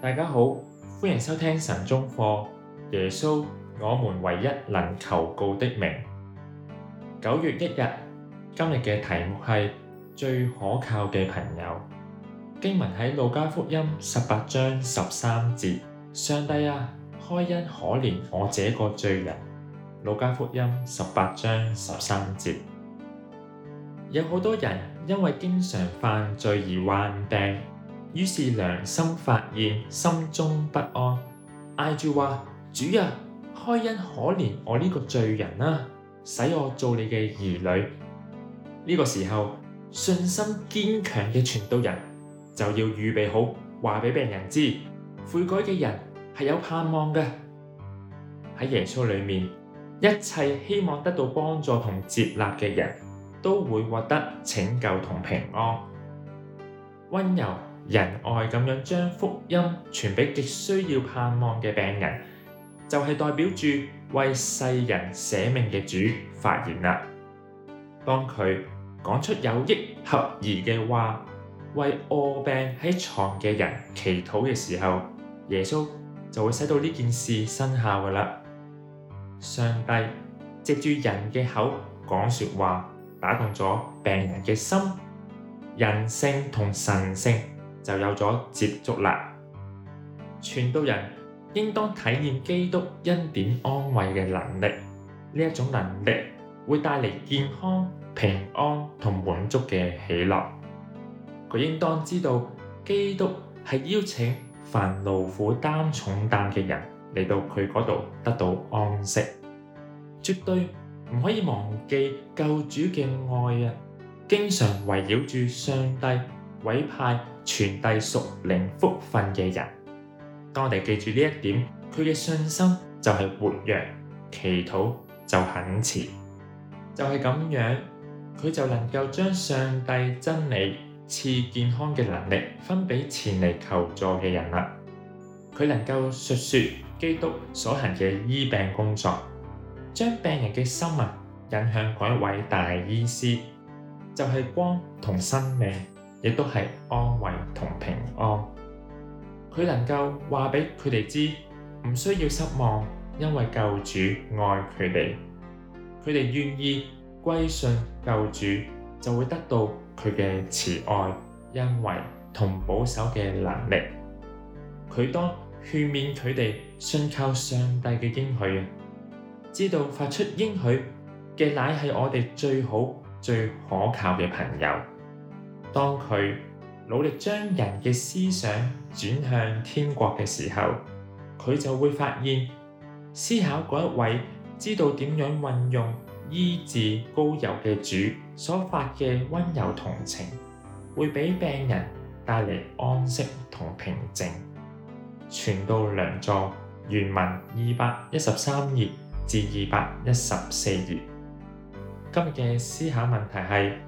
大家好，歡迎收聽神中課。耶穌，我們唯一能求告的名。九月一日，今日嘅題目係最可靠嘅朋友。經文喺路加福音十八章十三節：上帝啊，開恩可憐我這個罪人。路加福音十八章十三節。有好多人因為經常犯罪而患病。於是良心發現，心中不安，嗌住話：主啊，開恩可憐我呢個罪人啦、啊，使我做你嘅兒女。呢、這個時候信心堅強嘅傳道人就要預備好，話俾病人知，悔改嘅人係有盼望嘅。喺耶穌裏面，一切希望得到幫助同接納嘅人都會獲得拯救同平安，温柔。仁愛咁樣將福音傳俾極需要盼望嘅病人，就係、是、代表住為世人捨命嘅主發言啦。當佢講出有益合宜嘅話，為臥病喺床嘅人祈禱嘅時候，耶穌就會使到呢件事生效㗎喇。上帝藉住人嘅口講說話，打動咗病人嘅心，人性同神性，就有咗接觸啦。傳道人應當體驗基督恩典安慰嘅能力，呢一種能力會帶嚟健康、平安同滿足嘅喜樂。佢應當知道基督係邀請凡勞苦擔重擔嘅人嚟到佢嗰度得到安息。絕對唔可以忘記救主嘅愛啊！經常圍繞住上帝委派傳遞屬靈福分嘅人，當我哋記住呢一點，佢嘅信心就係活躍，祈禱就懇切。就係、是、咁樣，佢就能夠將上帝真理賜健康嘅能力分俾前嚟求助嘅人啦。佢能夠述說，說基督所行嘅醫病工作，將病人嘅心啊引向嗰一位大醫師，就係、是、光同生命。亦都係安慰同平安，佢能夠話俾佢哋知，唔需要失望，因為救主愛佢哋。佢哋願意歸信救主，就會得到佢嘅慈愛、恩惠同保守嘅能力。佢當勸勉佢哋信靠上帝嘅應許啊，知道發出應許嘅乃係我哋最好、最可靠嘅朋友。當佢努力將人嘅思想轉向天國嘅時候，佢就會發現思考嗰一位知道點樣運用醫治膏油嘅主所發嘅溫柔同情，會俾病人帶嚟安息同平靜。傳道良助原文二百一十三頁至二百一十四頁。今日嘅思考問題係。